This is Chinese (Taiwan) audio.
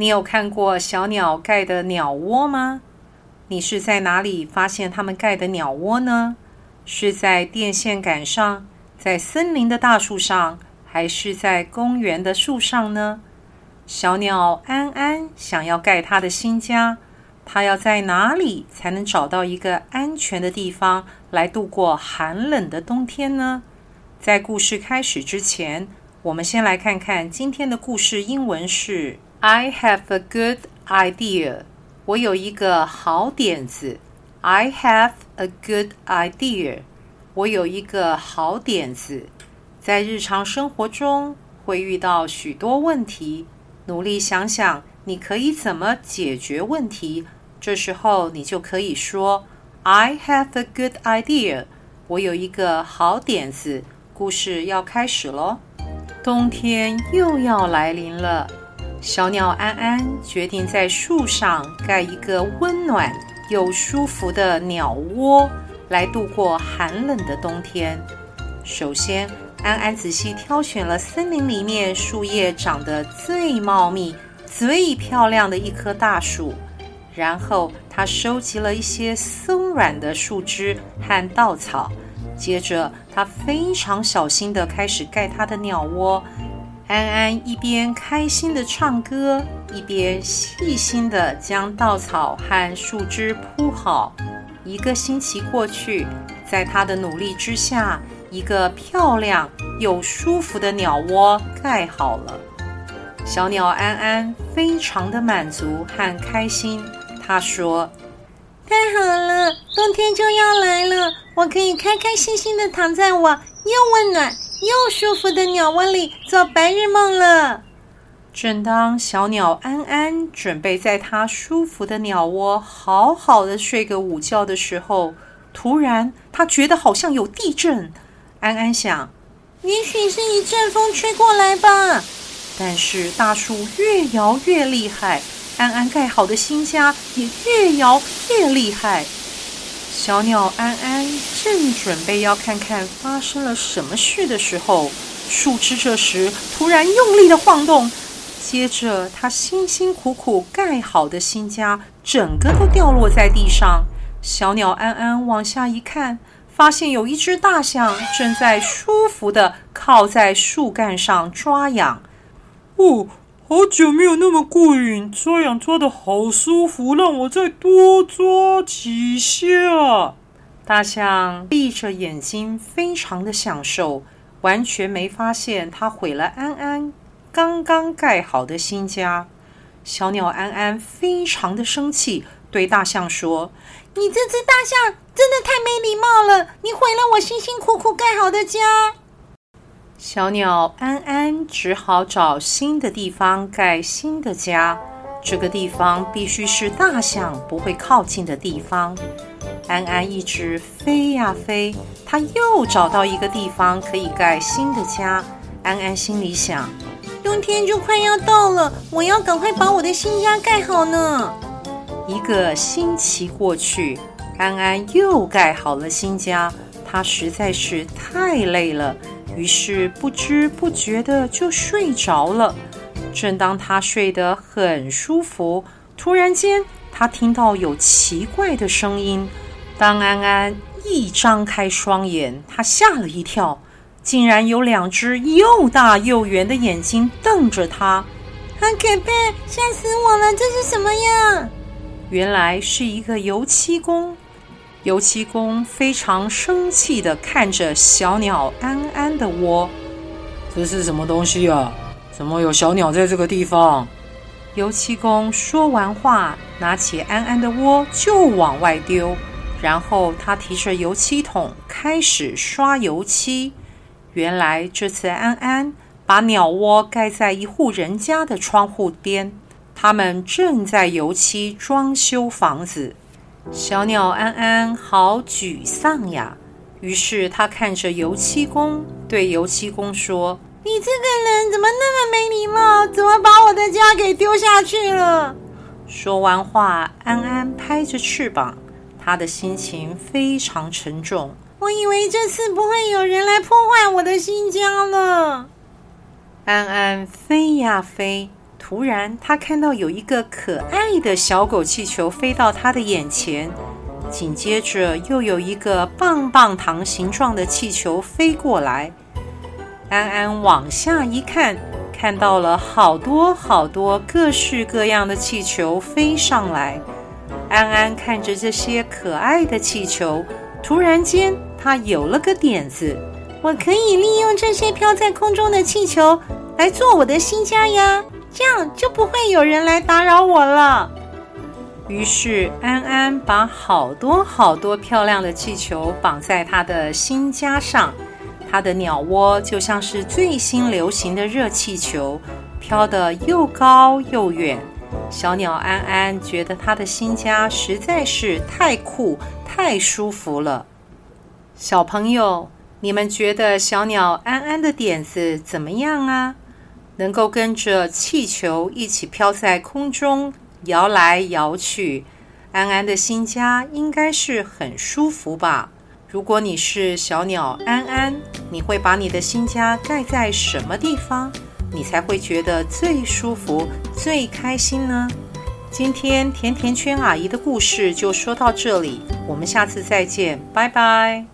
你有看過小鳥蓋的鳥窩嗎？你是在哪裡發現它們蓋的鳥窩呢？是在電線桿上，在森林的大樹上，還是在公園的樹上呢？小鳥安安想要蓋它的新家，它要在哪裡才能找到一個安全的地方來度過寒冷的冬天呢？在故事開始之前，我們先來看看今天的故事英文是。I have a good idea。我有一個好點子。I have a good idea。我有一個好點子。在日常生活中會遇到許多問題，努力想想你可以怎麼解決問題。這時候你就可以說 I have a good idea。我有一個好點子。故事要開始咯，冬天又要來臨了。小鳥安安決定在樹上蓋一個溫暖又舒服的鳥窩，來度過寒冷的冬天。首先，安安仔細挑選了森林裡面樹葉長得最茂密、最漂亮的一棵大樹。然後，他收集了一些鬆軟的樹枝和稻草。接着，他非常小心地開始蓋他的鳥窩。安安一邊開心地唱歌，一邊細心地將稻草和樹枝鋪好。一個星期過去，在他的努力之下，一個漂亮又舒服的鳥窩蓋好了。小鳥安安非常的滿足和開心，他說：“太好了，冬天就要來了，我可以開開心心地躺在我，又溫暖。”又舒服的鳥窩裡做白日夢了。正當小鳥安安準備在他舒服的鳥窩好好的睡個午覺的時候，突然他覺得好像有地震。安安想，也許是一陣風吹過來吧。但是大樹越搖越厲害，安安蓋好的新家也越搖越厲害。小鳥安安正準備要看看發生了什麼事的時候，樹枝這時突然用力的晃動，接着它辛辛苦苦蓋好的新家整個都掉落在地上。小鳥安安往下一看，發現有一隻大象正在舒服的靠在樹幹上抓癢。唔、哦。好久沒有那麼過癮，抓癢抓得好舒服，讓我再多抓幾下。大象閉着眼睛，非常的享受，完全沒發現它毀了安安剛剛蓋好的新家。小鳥安安非常的生氣，對大象說：“你這隻大象真的太沒禮貌了，你毀了我辛辛苦苦蓋好的家。”小鳥安安只好找新的地方蓋新的家，這個地方必須是大象不會靠近的地方。安安一直飛呀飛，它又找到一個地方可以蓋新的家。安安心裡想：冬天就快要到了，我要趕快把我的新家蓋好呢。一個星期過去，安安又蓋好了新家。他實在是太累了，於是不知不覺的就睡着了。正當他睡得很舒服，突然間他聽到有奇怪的聲音。當安安一張開雙眼，他嚇了一跳，竟然有兩隻又大又圓的眼睛瞪着他。好可怕，嚇死我了！這是什麼呀？原來是一個油漆工。油漆工非常生氣地看着小鳥安安的窩，這是什麼東西啊？怎麼有小鳥在這個地方？油漆工說完話，拿起安安的窩就往外丟。然後他提着油漆桶開始刷油漆。原來這次安安把鳥窩蓋在一戶人家的窗戶邊，他們正在油漆裝修房子。小鳥安安好沮喪呀，於是他看着油漆工，對油漆工說：“你這個人怎麼那麼沒禮貌？怎麼把我的家給丟下去了？”說完話，安安拍着翅膀，他的心情非常沉重。我以為這次不會有人來破壞我的新家了。安安飛呀飛。突然，他看到有一個可愛的小狗氣球飛到他的眼前，緊接着又有一個棒棒糖形狀的氣球飛過來。安安往下一看，看到了好多好多各式各樣的氣球飛上來。安安看着這些可愛的氣球，突然間他有了個點子：我可以利用這些飄在空中的氣球來做我的新家呀！這樣就不會有人來打擾我了。於是安安把好多好多漂亮的氣球綁在他的新家上，他的鳥窩就像是最新流行的熱氣球，飄得又高又遠。小鳥安安覺得他的新家實在是太酷，太舒服了。小朋友，你們覺得小鳥安安的點子怎麼樣啊？能夠跟着氣球一起飄在空中，搖來搖去。安安的新家應該是很舒服吧？如果你是小鳥安安，你會把你的新家蓋在什麼地方？你才會覺得最舒服、最開心呢？今天甜甜圈阿姨的故事就說到這裡，我們下次再見，拜拜。